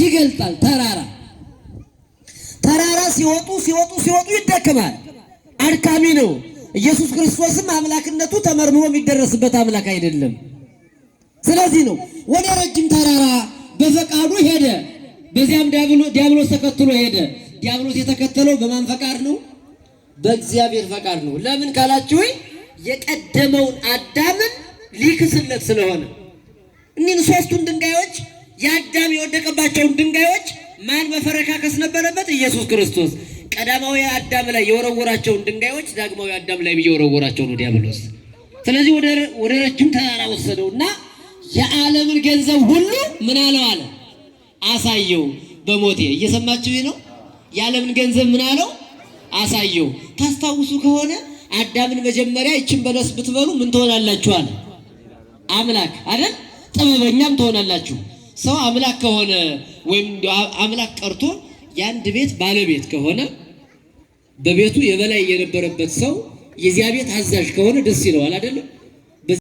ይገልጣል። ተራራ ተራራ ሲወጡ ሲወጡ ሲወጡ ይደክማል፣ አድካሚ ነው። ኢየሱስ ክርስቶስም አምላክነቱ ተመርምሮ የሚደረስበት አምላክ አይደለም። ስለዚህ ነው ወደ ረጅም ተራራ በፈቃዱ ሄደ። በዚያም ዲያብሎስ ተከትሎ ሄደ። ዲያብሎስ የተከተለው በማን ፈቃድ ነው? በእግዚአብሔር ፈቃድ ነው። ለምን ካላችሁ የቀደመውን አዳምን ሊክስለት ስለሆነ እኒህን ሶስቱን ድንጋዮች የወረወራቸው ድንጋዮች ማን መፈረካከስ ነበረበት? ኢየሱስ ክርስቶስ። ቀዳማዊ አዳም ላይ የወረወራቸውን ድንጋዮች ዳግማዊ አዳም ላይ እየወረወራቸው ነው ዲያብሎስ። ስለዚህ ወደ ረጅም ተራራ ወሰደው እና የዓለምን ገንዘብ ሁሉ ምን አለው አለ አሳየው በሞቴ። እየሰማችሁ ነው? የዓለምን ገንዘብ ምን አለው አሳየው። ታስታውሱ ከሆነ አዳምን መጀመሪያ ይችን በለስ ብትበሉ ምን ትሆናላችሁ አለ አምላክ አይደል? ጥበበኛም ትሆናላችሁ ሰው አምላክ ከሆነ ወይም አምላክ ቀርቶ የአንድ ቤት ባለቤት ከሆነ በቤቱ የበላይ የነበረበት ሰው የዚያ ቤት አዛዥ ከሆነ ደስ ይለዋል አይደለም?